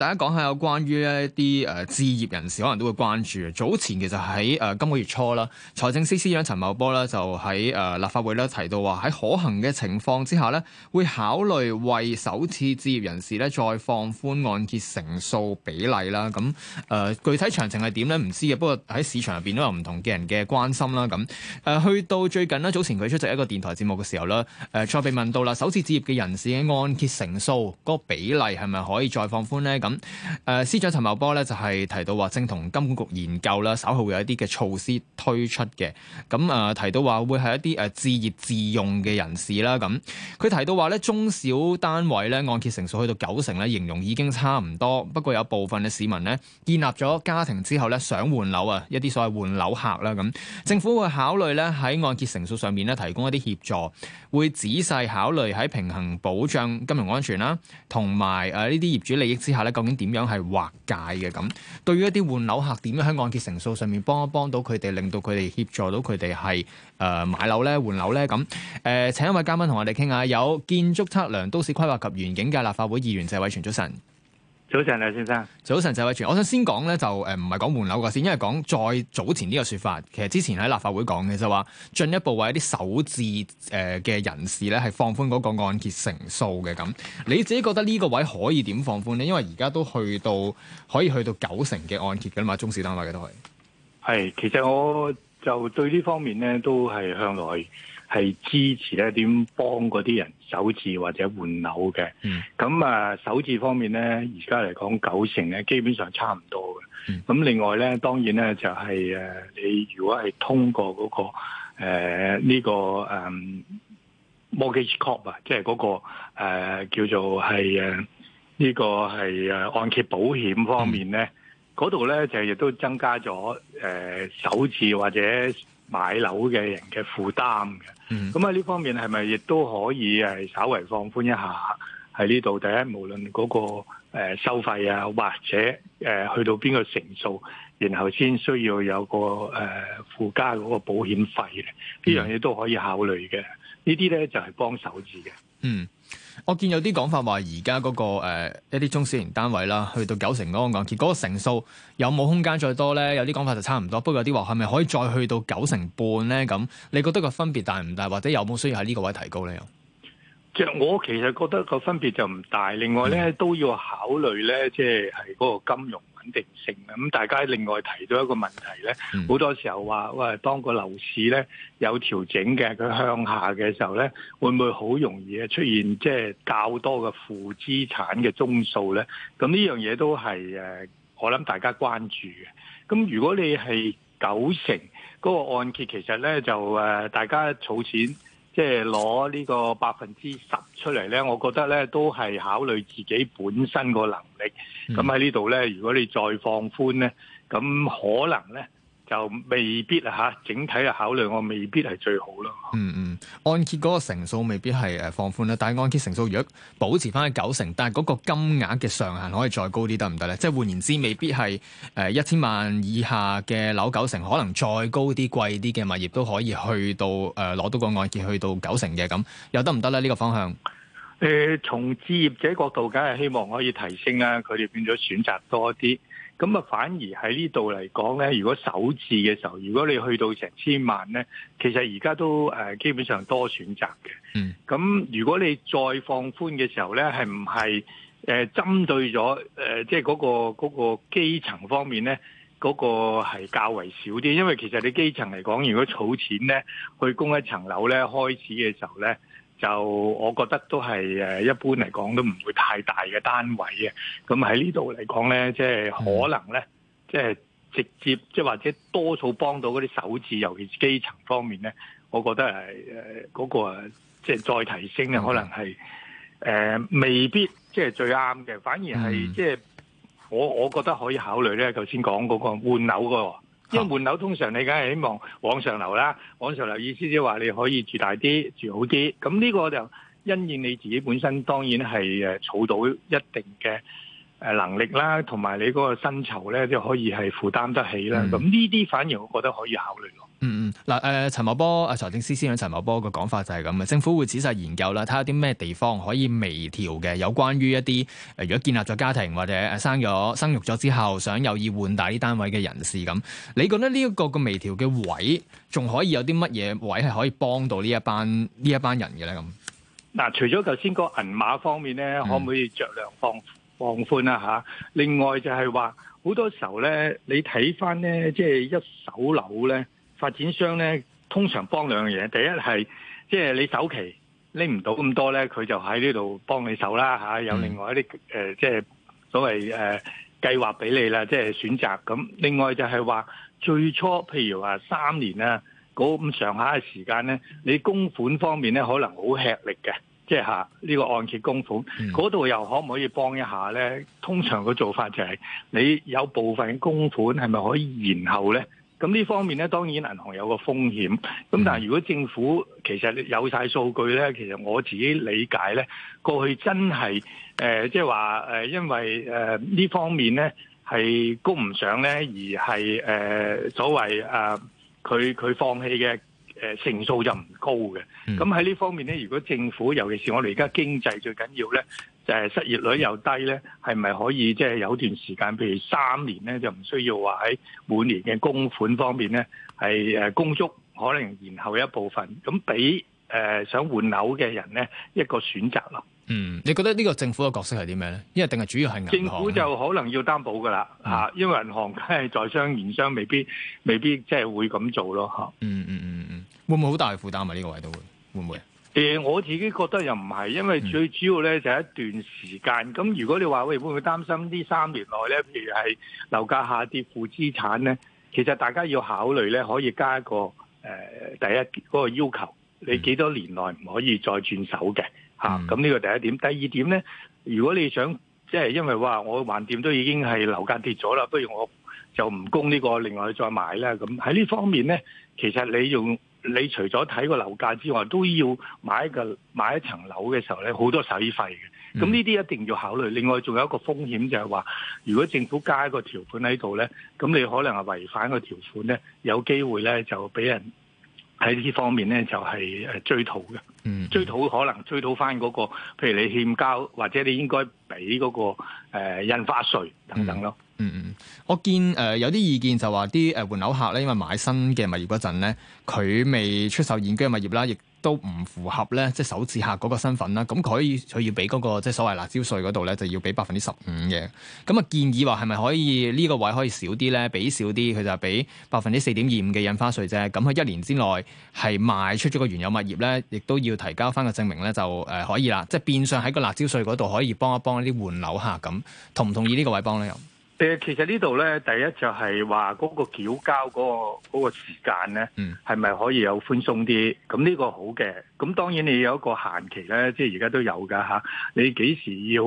大家講下有關於一啲誒置業人士可能都會關注。早前其實喺誒今個月初啦，財政司司長陳茂波啦就喺誒立法會咧提到話喺可行嘅情況之下咧，會考慮為首次置業人士咧再放寬按揭成數比例啦。咁誒具體詳情係點咧？唔知嘅。不過喺市場入邊都有唔同嘅人嘅關心啦。咁誒去到最近啦，早前佢出席一個電台節目嘅時候啦，誒再被問到啦，首次置業嘅人士嘅按揭成數個比例係咪可以再放寬咧？咁，誒司長陳茂波咧就係提到話，正同金管局研究啦，稍後會有一啲嘅措施推出嘅。咁誒提到話，會係一啲誒置業自用嘅人士啦。咁佢提到話咧，中小單位咧按揭成數去到九成咧，形容已經差唔多。不過有部分嘅市民呢，建立咗家庭之後咧，想換樓啊，一啲所謂換樓客啦。咁政府會考慮咧喺按揭成數上面咧提供一啲協助，會仔細考慮喺平衡保障金融安全啦，同埋誒呢啲業主利益之下咧。究竟點樣係劃界嘅咁？對於一啲換樓客，點樣喺按揭成數上面幫一幫到佢哋，令到佢哋協助到佢哋係誒買樓咧、換樓咧咁？誒、呃、請一位嘉賓同我哋傾下，有建築測量、都市規劃及園境界立法會議員謝偉銓，早晨。早晨，梁先生。早晨，謝偉銓。我想先講咧，就誒，唔係講換樓嘅先，因為講再早前呢個說法，其實之前喺立法會講嘅就話，進一步為一啲首置誒嘅人士咧，係放寬嗰個按揭成數嘅咁。你自己覺得呢個位可以點放寬呢？因為而家都去到可以去到九成嘅按揭噶嘛，中市單位嘅都係。係，其實我就對呢方面咧，都係向來。係支持咧，點幫嗰啲人首置或者換樓嘅。咁啊、嗯、首置方面咧，而家嚟講九成咧基本上差唔多嘅。咁、嗯、另外咧，當然咧就係、是、誒，你如果係通過嗰、那個誒呢、呃這個誒 Mortgage Corp 啊，即係嗰個誒、呃、叫做係誒呢個係誒按揭保險方面咧，嗰度咧就是、亦都增加咗誒首置或者買樓嘅人嘅負擔嘅，咁啊呢方面係咪亦都可以誒稍為放寬一下喺呢度？第一，無論嗰個收費啊，或者誒去到邊個成數，然後先需要有個誒、呃、附加嗰個保險費咧，呢樣嘢都可以考慮嘅。呢啲咧就係幫手字嘅。嗯，我見有啲講法話而家嗰個誒、呃、一啲中小型單位啦，去到九成嗰、嗰個港，其嗰個成數有冇空間再多咧？有啲講法就差唔多，不過有啲話係咪可以再去到九成半咧？咁你覺得個分別大唔大，或者有冇需要喺呢個位提高咧？其實我其實覺得個分別就唔大，另外咧都要考慮咧，即係係嗰個金融。穩定性咁，大家另外提到一個問題咧，好多時候話喂，當個樓市咧有調整嘅，佢向下嘅時候咧，會唔會好容易咧出現即係、就是、較多嘅負資產嘅宗數咧？咁呢樣嘢都係誒，我諗大家關注嘅。咁如果你係九成嗰、那個按揭，其實咧就誒，大家儲錢。即係攞呢個百分之十出嚟咧，我覺得咧都係考慮自己本身個能力。咁喺呢度咧，如果你再放寬咧，咁可能咧。就未必啊！哈，整體嘅考慮，我未必係最好咯。嗯嗯，按揭嗰個成數未必係誒放寬啦，但係按揭成數如果保持翻喺九成，但係嗰個金額嘅上限可以再高啲得唔得咧？即係換言之，未必係誒一千萬以下嘅樓九成，可能再高啲貴啲嘅物業都可以去到誒攞、呃、到個按揭去到九成嘅咁，又得唔得咧？呢、這個方向？誒、呃，從置業者角度，梗係希望可以提升啦，佢哋變咗選擇多啲。咁啊，反而喺呢度嚟講咧，如果首置嘅時候，如果你去到成千萬咧，其實而家都誒基本上多選擇嘅。咁如果你再放寬嘅時候咧，係唔係誒針對咗誒即係嗰個嗰個基層方面咧，嗰個係較為少啲？因為其實你基層嚟講，如果儲錢咧去供一層樓咧，開始嘅時候咧。就我覺得都係誒，一般嚟講都唔會太大嘅單位嘅。咁喺呢度嚟講咧，即係可能咧，即係直接即係或者多數幫到嗰啲首置，尤其是基層方面咧，我覺得係嗰個即係再提升咧，可能係誒，嗯，呃，未必即係最啱嘅，反而係即係我我覺得可以考慮咧，頭先講嗰個換樓嗰個。因為換樓通常你梗係希望往上流啦，往上流意思即係話你可以住大啲、住好啲。咁呢個就因應你自己本身當然係誒儲到一定嘅誒能力啦，同埋你嗰個薪酬咧即係可以係負擔得起啦。咁呢啲反而我覺得可以考慮咯。嗯嗯，嗱、嗯、誒、呃，陳茂波啊，財政司司長陳茂波嘅講法就係咁嘅，政府會仔細研究啦，睇下啲咩地方可以微調嘅，有關於一啲誒、呃，如果建立咗家庭或者誒生咗生育咗之後，想有意換大啲單位嘅人士咁，你覺得呢一個嘅微調嘅位，仲可以有啲乜嘢位係可以幫到呢一班呢一班人嘅咧？咁嗱，除咗頭先個銀碼方面咧，嗯、可唔可以酌量放放寬啊？嚇，另外就係話好多時候咧，你睇翻咧，即係一手樓咧。發展商咧，通常幫兩樣嘢。第一係，即係你首期拎唔到咁多咧，佢就喺呢度幫你手啦嚇。有另外一啲誒，即係所謂誒計劃俾你啦，即係選擇。咁另外就係話，最初譬如話三年啊，嗰咁上下嘅時間咧，你供款方面咧，可能好吃力嘅，即係嚇呢個按揭供款嗰度、嗯、又可唔可以幫一下咧？通常嘅做法就係你有部分供款係咪可以延後咧？咁呢方面咧，當然銀行有個風險。咁但係如果政府其實有晒數據咧，其實我自己理解咧，過去真係誒、呃，即係話誒，因為誒呢方面咧係供唔上咧，而係誒、呃、所謂誒佢佢放棄嘅誒成數就唔高嘅。咁喺呢方面咧，如果政府尤其是我哋而家經濟最緊要咧。誒失業率又低咧，係咪可以即係有段時間，譬如三年咧，就唔需要話喺每年嘅供款方面咧，係誒供足，可能延後一部分咁俾誒想換樓嘅人咧一個選擇咯。嗯，你覺得呢個政府嘅角色係啲咩咧？因為定係主要係銀行？政府就可能要擔保噶啦嚇，因為銀行梗係在商言商未，未必未必即係會咁做咯嚇。嗯嗯嗯嗯，會唔會好大負擔喎？呢個位都會，會唔會？誒我自己覺得又唔係，因為最主要咧就係、是、一段時間。咁如果你話喂，會唔會擔心呢三年內咧，譬如係樓價下跌負資產咧，其實大家要考慮咧，可以加一個誒、呃、第一嗰個要求，你幾多年內唔可以再轉手嘅嚇。咁呢、mm. 啊、個第一點，第二點咧，如果你想即係因為話我橫掂都已經係樓價跌咗啦，不如我就唔供呢、這個，另外再買啦。咁喺呢方面咧，其實你用。你除咗睇個樓價之外，都要買一個買一層樓嘅時候咧，好多使費嘅。咁呢啲一定要考慮。另外仲有一個風險就係話，如果政府加一個條款喺度咧，咁你可能係違反個條款咧，有機會咧就俾人喺呢方面咧就係追討嘅。嗯，追討可能追討翻嗰個，譬如你欠交或者你應該俾嗰個誒、呃、印花稅等等咯。嗯嗯，我見誒有啲意見就話啲誒換樓客咧，因為買新嘅物業嗰陣咧，佢未出售現居嘅物業啦，亦都唔符合咧即係首次客嗰個身份啦。咁佢佢要俾嗰個即係所謂辣椒稅嗰度咧，就要俾百分之十五嘅。咁啊建議話係咪可以呢個位可以少啲咧，俾少啲佢就係俾百分之四點二五嘅印花稅啫。咁佢一年之內係賣出咗個原有物業咧，亦都要提交翻個證明咧就誒可以啦。即係變相喺個辣椒稅嗰度可以幫一幫啲換樓客咁，同唔同意呢個位幫咧又？其實呢度咧，第一就係話嗰個繳交嗰個嗰個時間咧，係咪可以有寬鬆啲？咁呢個好嘅。咁當然你有一個限期咧，即係而家都有噶吓。你幾時要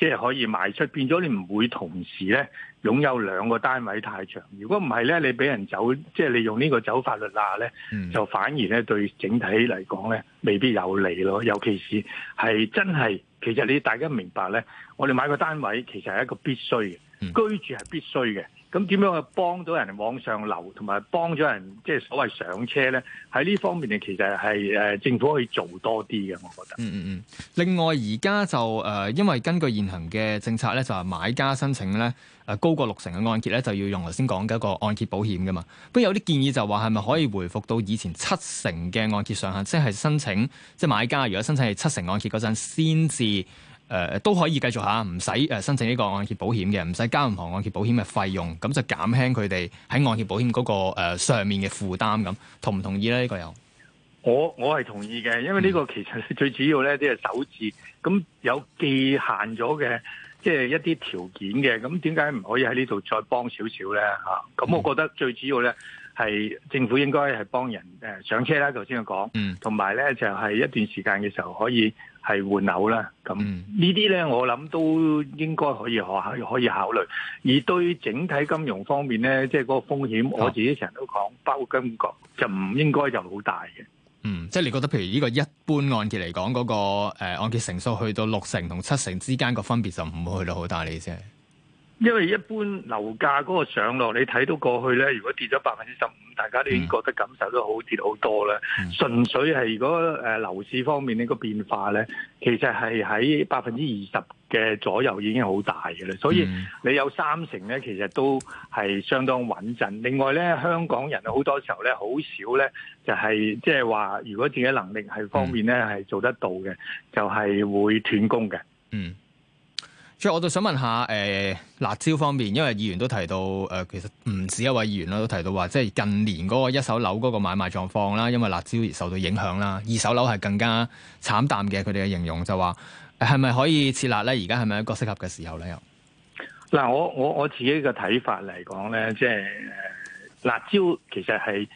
即係可以賣出？變咗你唔會同時咧擁有兩個單位太長。如果唔係咧，你俾人走，即係你用呢個走法律罅咧，就反而咧對整體嚟講咧未必有利咯。尤其是係真係，其實你大家明白咧，我哋買個單位其實係一個必須嘅。居住係必須嘅，咁點樣去幫到人往上流，同埋幫咗人即係所謂上車呢？喺呢方面嘅，其實係誒、呃、政府可以做多啲嘅，我覺得。嗯嗯嗯。另外而家就誒、呃，因為根據現行嘅政策呢，就係、是、買家申請咧誒、呃、高過六成嘅按揭呢，就要用頭先講嘅一個按揭保險㗎嘛。不過有啲建議就話，係咪可以回復到以前七成嘅按揭上限，即、就、係、是、申請即係買家如果申請係七成按揭嗰陣先至。誒、呃、都可以繼續下，唔使誒申請呢個按揭保險嘅，唔使交銀行按揭保險嘅費用，咁就減輕佢哋喺按揭保險嗰、那個、呃、上面嘅負擔咁，同唔同意咧？呢、這個又我我係同意嘅，因為呢個其實最主要咧啲係手續，咁有既限咗嘅，即、就、係、是、一啲條件嘅，咁點解唔可以喺呢度再幫少少咧？嚇、啊，咁我覺得最主要咧係政府應該係幫人誒上車啦，頭先佢講，嗯，同埋咧就係、是、一段時間嘅時候可以。係換樓啦，咁呢啲咧，我諗都應該可以可可以考慮、嗯。而對於整體金融方面咧，即係嗰個風險，我自己成日都講，包括金股，就唔應該就好大嘅。嗯，即係你覺得譬如呢個一般按揭嚟講，嗰、嗰個誒按揭成數去到六成同七成之間個分別就唔會去到好大，你先係。因為一般樓價嗰個上落，你睇到過去咧，如果跌咗百分之十五，大家都已經覺得感受都好跌好多啦。嗯、純粹係如果誒、呃、樓市方面呢個變化咧，其實係喺百分之二十嘅左右已經好大嘅啦。所以你有三成咧，其實都係相當穩陣。另外咧，香港人好多時候咧，好少咧就係即係話，如果自己能力係方面咧係做得到嘅，就係、是、會斷供嘅。嗯。所以我就想問下誒、呃、辣椒方面，因為議員都提到誒、呃，其實唔止一位議員啦，都提到話，即係近年嗰個一手樓嗰個買賣狀況啦，因為辣椒而受到影響啦。二手樓係更加慘淡嘅，佢哋嘅形容就話，係咪可以設立咧？而家係咪一個適合嘅時候咧？又嗱，我我我自己嘅睇法嚟講咧，即係辣椒其實係。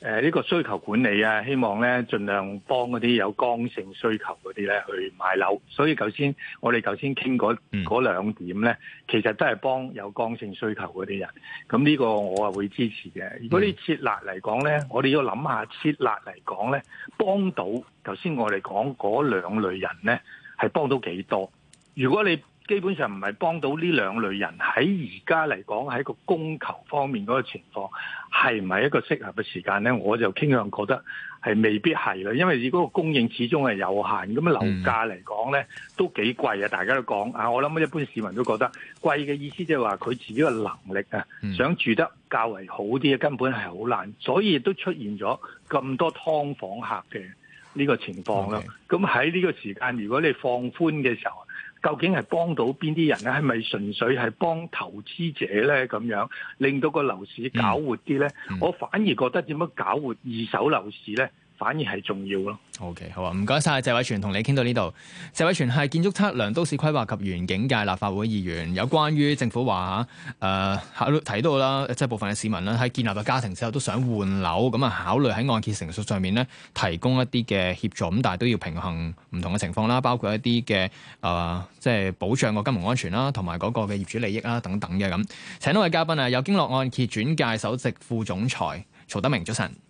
誒呢個需求管理啊，希望咧盡量幫嗰啲有剛性需求嗰啲咧去買樓，所以頭先我哋頭先傾嗰嗰兩點咧，其實都係幫有剛性需求嗰啲人，咁呢個我啊會支持嘅。如果啲設立嚟講咧，我哋要諗下設立嚟講咧，幫到頭先我哋講嗰兩類人咧，係幫到幾多？如果你基本上唔係幫到呢兩類人喺而家嚟講，喺個供求方面嗰個情況，係唔係一個適合嘅時間咧？我就傾向覺得係未必係啦，因為如果個供應始終係有限，咁啊樓價嚟講咧都幾貴啊！大家都講啊，我諗一般市民都覺得貴嘅意思即係話，佢自己嘅能力啊，想住得較為好啲，根本係好難，所以亦都出現咗咁多劏房客嘅呢個情況啦。咁喺呢個時間如果你放寬嘅時候，究竟係幫到邊啲人咧？係咪純粹係幫投資者咧？咁樣令到個樓市搞活啲咧？嗯嗯、我反而覺得點樣搞活二手樓市咧？反而係重要咯。O、okay, K，好啊，唔該晒。謝偉銓，同你傾到呢度。謝偉銓係建築測量、都市規劃及園境界立法會議員。有關於政府話嚇，誒考慮睇到啦，即係部分嘅市民咧，喺建立個家庭之後都想換樓，咁啊考慮喺按揭成熟上面咧，提供一啲嘅協助，咁但係都要平衡唔同嘅情況啦，包括一啲嘅誒，即係保障個金融安全啦，同埋嗰個嘅業主利益啦等等嘅咁。請到位嘉賓啊，有經絡按揭轉介首席副總裁曹德明，早晨。出神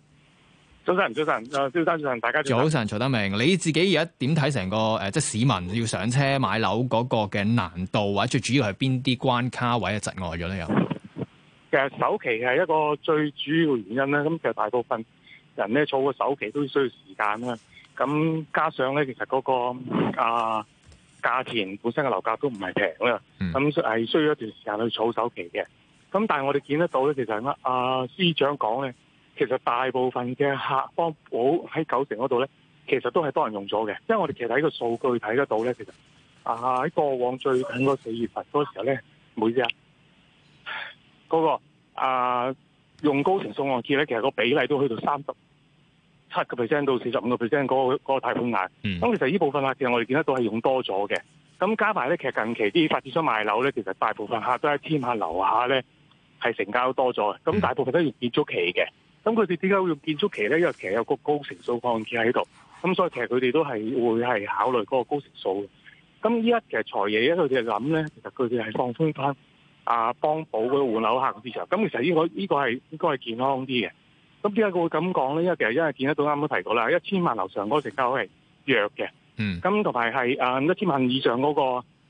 早晨，早晨，誒，先生，早晨，大家早晨。早晨，曹德明，你自己而家點睇成個誒、呃，即係市民要上車買樓嗰個嘅難度，或者最主要係邊啲關卡位啊，窒礙咗咧？又其實首期係一個最主要嘅原因咧。咁其實大部分人咧儲個首期都需要時間啦。咁加上咧，其實嗰、那個啊價錢本身嘅樓價都唔係平啦。咁係、嗯、需要一段時間去儲首期嘅。咁但係我哋見得到咧，其實阿阿、啊、司長講咧。其實大部分嘅客幫保喺九成嗰度咧，其實都係多人用咗嘅。因為我哋其實喺個數據睇得到咧，其實啊喺過往最近嗰四月份嗰個時候咧，唔好意思嗰個啊用高成數按揭咧，其實個比例都去到三十七個 percent 到四十五個 percent 嗰個嗰個貸款額。咁、mm. 其實呢部分啊，其實我哋見得到係用多咗嘅。咁加埋咧，其實近期啲發展商賣樓咧，其實大部分客都喺天下樓下咧係成交多咗嘅。咁大部分都要短租期嘅。咁佢哋點解會用建築期咧？因為其實有個高成數抗跌喺度，咁所以其實佢哋都係會係考慮嗰個高成數嘅。咁依家其實財爺喺度哋就諗咧，其實佢哋係放鬆翻啊幫補嗰個換樓客嗰啲嘅。咁其實依、呢個依、呢個係應該係健康啲嘅。咁點解佢會咁講咧？因為其實因為見得到啱啱提到啦，一千萬樓上嗰個成交係弱嘅。咁同埋係啊一千萬以上嗰、嗰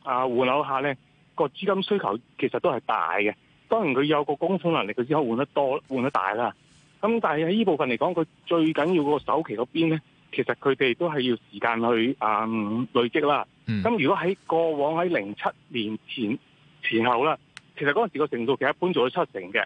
個啊換樓客咧、嗰個資金需求其實都係大嘅。當然佢有個供應能力，佢先可以換得多換得大啦。咁但係喺呢部分嚟講，佢最緊要個首期嗰邊咧，其實佢哋都係要時間去啊、嗯、累積啦。咁、嗯、如果喺過往喺零七年前前後啦，其實嗰陣時個程度其實一般做咗七成嘅。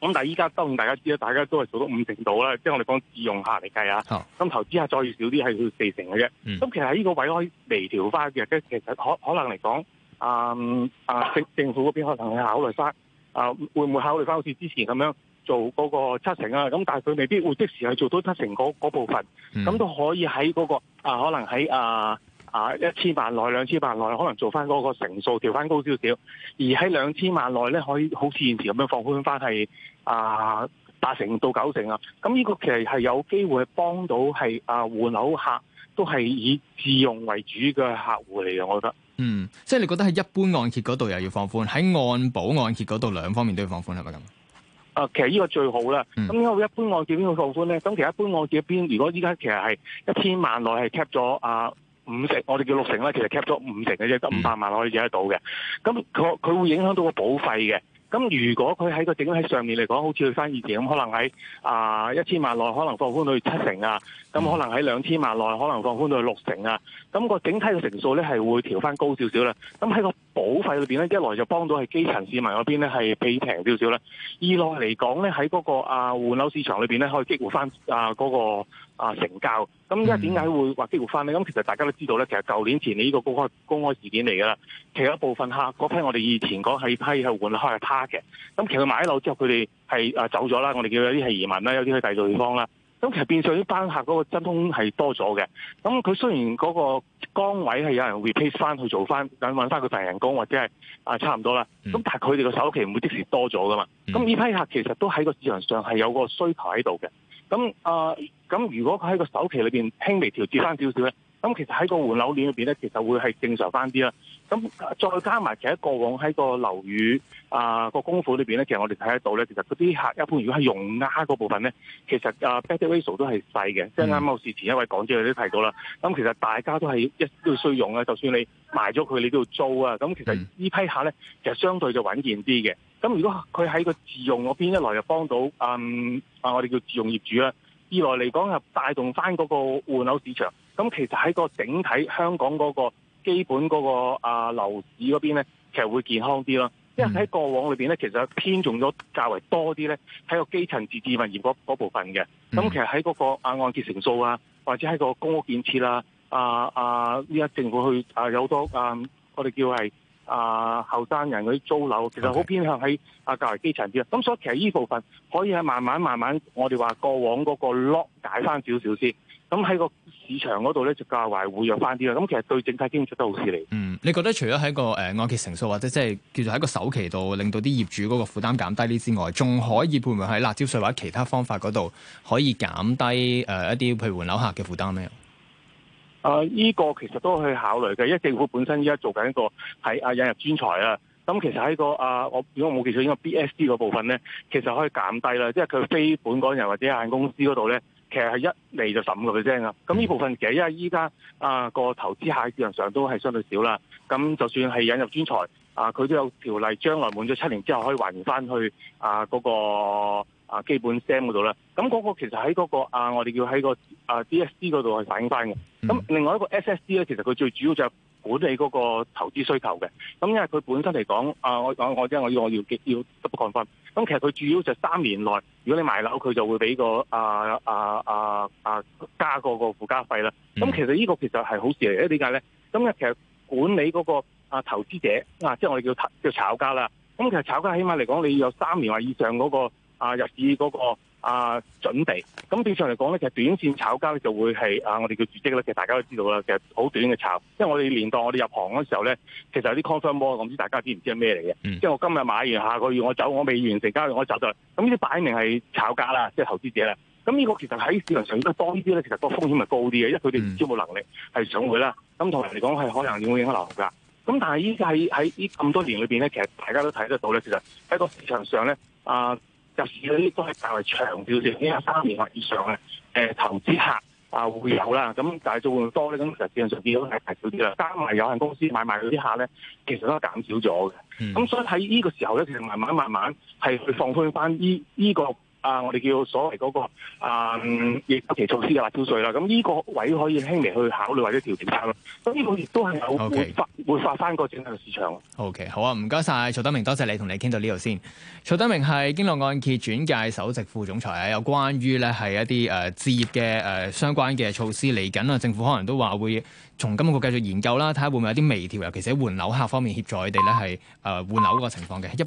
咁但係依家當然大家知啦，大家都係做到五成度啦，即、就、係、是、我哋講自用客嚟計啊。咁、哦嗯、投資客再少啲係去四成嘅啫。咁、嗯嗯、其實喺呢個位可以微調翻嘅，即係其實可可能嚟講、嗯、啊啊政府嗰邊可能要考慮翻啊，會唔會考慮翻好似之前咁樣？做嗰個七成啊，咁但係佢未必會即時去做到七成嗰部分，咁都可以喺嗰個啊，可能喺啊啊一千萬內，兩千萬內，可能做翻嗰個成數，調翻高少少。而喺兩千萬內咧，可以好似現時咁樣放寬翻係啊八成到九成啊。咁呢個其實係有機會係幫到係啊換樓客都係以自用為主嘅客戶嚟嘅，我覺得嗯，即係你覺得喺一般按揭嗰度又要放寬，喺按保按揭嗰度兩方面都要放寬係咪咁？是啊，其實呢個最好啦。咁因為一般按揭邊個套款咧？咁其實一般按揭邊？如果依家其實係一千萬內係 cap 咗啊五成，我哋叫六成呢，其實 cap 咗五成嘅啫，得五百萬可以借得到嘅。咁佢佢會影響到個保費嘅。咁如果佢喺個整體上面嚟講，好似佢翻以前咁，可能喺啊一千萬內，可能放寬到七成啊；咁可能喺兩千萬內，可能放寬到六成啊。咁個整體嘅成數咧，係會調翻高少少啦。咁喺個保費裏面咧，一來就幫到係基層市民嗰邊咧係避平少少啦；二來嚟講咧，喺嗰個啊換樓市場裏面咧，可以激活翻啊嗰個。啊，成交咁，依家點解會話激活翻咧？咁、嗯、其實大家都知道咧，其實舊年前你呢個公開公開事件嚟噶啦，其實一部分客嗰批，我哋以前係係批係換開係趴嘅。咁其實買咗樓之後，佢哋係走咗啦。我哋叫有啲係移民啦，有啲去第二個地方啦。咁其實變相啲班客嗰個真空係多咗嘅。咁佢雖然嗰個崗位係有人 replace 翻去做翻，等揾翻佢大人工或者係啊差唔多啦。咁但係佢哋嘅首期唔會即時多咗噶嘛。咁呢批客其實都喺個市場上係有個需求喺度嘅。咁啊。呃咁如果佢喺個首期裏邊輕微調節翻少少咧，咁其實喺個換樓鏈裏邊咧，其實會係正常翻啲啦。咁再加埋其實過往喺個樓宇啊、呃、個供款裏邊咧，其實我哋睇得到咧，其實嗰啲客一般如果係用壓嗰部分咧，其實啊 battery ratio 都係細嘅，即係啱啱我事前一位講者都提到啦。咁其實大家都係一都要需用啊，就算你賣咗佢，你都要租啊。咁其實呢批客咧，其實相對就穩健啲嘅。咁如果佢喺個自用嗰邊一來又幫到嗯啊我哋叫自用業主啦。二來嚟講係帶動翻嗰個換樓市場，咁其實喺個整體香港嗰個基本嗰、嗰個啊樓、呃、市嗰邊咧，其實會健康啲咯。因為喺過往裏面咧，其實偏重咗較為多啲咧喺個基層自置民業嗰部分嘅。咁其實喺嗰、嗰個啊按揭成數啊，或者喺個公屋建設啊啊啊，依家、啊啊、政府去啊有多啊，我哋叫係。啊，後生人嗰啲租樓其實好偏向喺 Okay. 啊，較為基層啲啦。咁所以其實呢部分可以係慢慢慢慢，我哋話過往嗰個 lock 解翻少少先。咁喺個市場嗰度咧，就較為會弱翻啲啦。咁其實對整體經濟都好事嚟。嗯，你覺得除咗喺個誒按揭成數或者即係叫做喺個首期度令到啲業主嗰個負擔減低啲之外，仲可以會唔會喺辣椒稅或者其他方法嗰度可以減低誒一啲譬如換樓客嘅負擔咧？啊！呢、呃呢個其實都可以考慮嘅，因為政府本身依家做緊一個喺啊引入專才啊，咁其實喺個啊，我、呃、如果冇記錯應該 BSD 嗰部分咧，其實可以減低啦，即係佢非本港人或者有限公司嗰度咧，其實係一嚟就十五個 percent 啊。咁呢部分其實因為依家啊個投資客市場上都係相對少啦，咁就算係引入專才啊，佢、呃、都有條例，將來滿咗七年之後可以還返翻去啊嗰、呃那個啊基本 Sam 嗰度啦。咁、那、嗰個其實喺嗰、那個啊、呃，我哋叫喺個啊 BSD 嗰度去反映翻嘅。咁、嗯、另外一個 SSD 咧，其實佢最主要就係管理嗰個投資需求嘅。咁因為佢本身嚟講，啊我我我即係我要我要我要 double confirm。咁其實佢主要就三年內，如果你買樓，佢就會俾個啊啊啊啊加個附加費啦。咁其實呢個其實係好事嚟嘅，點解咧？咁其實管理嗰個啊投資者啊，即係我哋叫炒叫炒家啦。咁、啊、其實炒家起碼嚟講，你要有三年或以上嗰、那個日那個、啊！入市嗰個啊準備，咁正常嚟講咧，其實短線炒家咧就會係啊，我哋叫注資啦。其實大家都知道啦，其實好短嘅炒。因為我哋年代，我哋入行嗰時候咧，其實有啲 confirmor，我唔知道大家知唔知係咩嚟嘅？嗯、即係我今日買完，下個月我走，我未完成交易，家月我走咗。咁呢啲擺明係炒家啦，即係投資者啦。咁呢個其實喺市場上都多呢啲咧，其實個風險係高啲嘅，因為佢哋唔知冇能力係上去啦。咁同埋嚟講係可能點會影響樓價。咁但係依家喺喺呢咁多年裏邊咧，其實大家都睇得到咧，其實喺個市場上咧啊。入市嗰啲都係大為長少少，應該係三年或以上誒，投資客啊會有啦，咁但係做多咧，咁其實市場上變咗係大少啲啦，單係有限公司買賣啲客咧，其實都減少咗嘅。咁所以喺呢個時候咧，其實慢慢慢慢係去放寬翻呢呢個。啊！我哋叫所謂嗰、那個啊，逆周期措施嘅話，辣招稅啦。咁呢個位可以輕微去考慮或者調節下咯。咁、這、呢個亦都係有會發 Okay. 會發生個整體市場啊。OK，好啊，唔該晒。曹德明，多謝，謝你同你傾到呢度先。曹德明係經絡按揭轉介首席副總裁啊。有關於咧係一啲誒、呃、置業嘅誒、呃、相關嘅措施嚟緊啊，政府可能都話會從今個月繼續研究啦，睇下會唔會有啲微調，尤其是喺換樓客方面協助佢哋咧係誒換樓個情況嘅。